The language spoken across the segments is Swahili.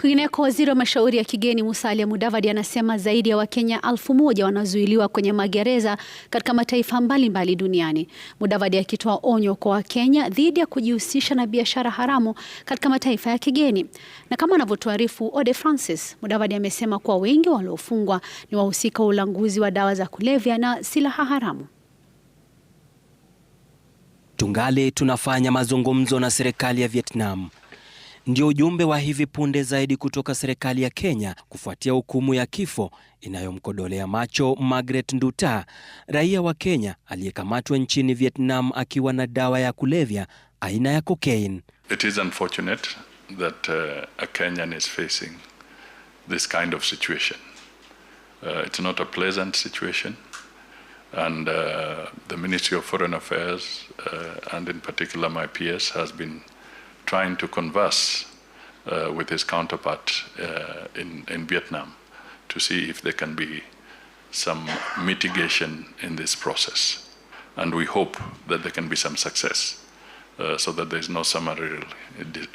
Kwingineko, waziri wa mashauri ya kigeni Musalia Mudavadi anasema zaidi ya Wakenya elfu moja wanazuiliwa kwenye magereza katika mataifa mbalimbali mbali duniani. Mudavadi akitoa onyo kwa Wakenya dhidi ya kujihusisha na biashara haramu katika mataifa ya kigeni. Na kama anavyotuarifu Ode Francis, Mudavadi amesema kuwa wengi waliofungwa ni wahusika wa ulanguzi wa dawa za kulevya na silaha haramu. Tungali tunafanya mazungumzo na serikali ya Vietnam ndio ujumbe wa hivi punde zaidi kutoka serikali ya Kenya kufuatia hukumu ya kifo inayomkodolea macho Margaret Nduta, raia wa Kenya aliyekamatwa nchini Vietnam akiwa na dawa ya kulevya aina ya cocaine. It is unfortunate that uh, a Kenyan is facing this kind of situation. Uh, it's not a pleasant situation and uh, the Ministry of Foreign Affairs uh, and in particular my PS has been trying to converse uh, with his counterpart uh, in, in Vietnam to see if there can be some mitigation in this process. And we hope that there can be some success uh, so that there is no summary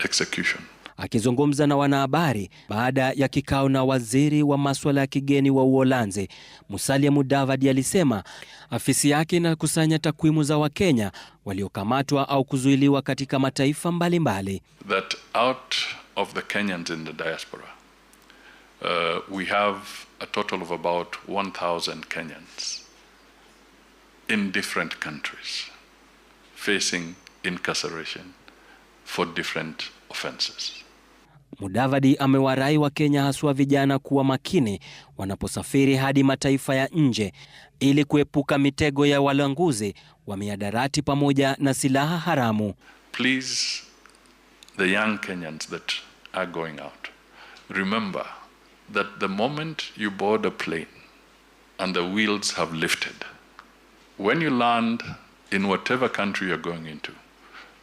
execution. Akizungumza na wanahabari baada ya kikao na waziri wa masuala ya kigeni wa Uholanzi, Musalia Mudavadi alisema afisi yake inakusanya takwimu za Wakenya waliokamatwa au kuzuiliwa katika mataifa mbalimbali mbali. That out of the Kenyans in the diaspora, uh, we have a total of about 1000 Kenyans in different countries facing incarceration for different offenses. Mudavadi amewarai Wakenya haswa vijana kuwa makini wanaposafiri hadi mataifa ya nje ili kuepuka mitego ya walanguzi wa miadarati pamoja na silaha haramu. Please, the young Kenyans that are going out, remember that the moment you board a plane and the wheels have lifted, when you land in whatever country you're going into,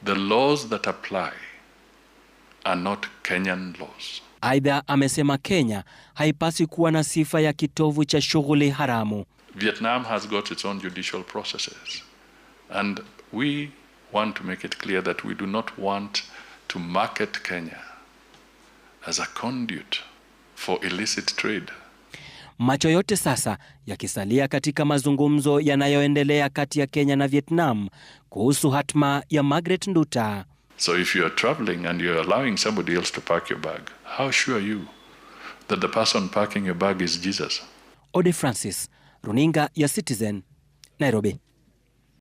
the laws that apply are not Kenyan laws. Aidha, amesema Kenya haipasi kuwa na sifa ya kitovu cha shughuli haramu. Vietnam has got its own judicial processes and we want to make it clear that we do not want to market Kenya as a conduit for illicit trade. Macho yote sasa yakisalia katika mazungumzo yanayoendelea kati ya Kenya na Vietnam kuhusu hatma ya Margaret Nduta. So if you are traveling and you're allowing somebody else to pack your bag, how sure are you that the person packing your bag is Jesus? Ode Francis, Runinga your Citizen, Nairobi.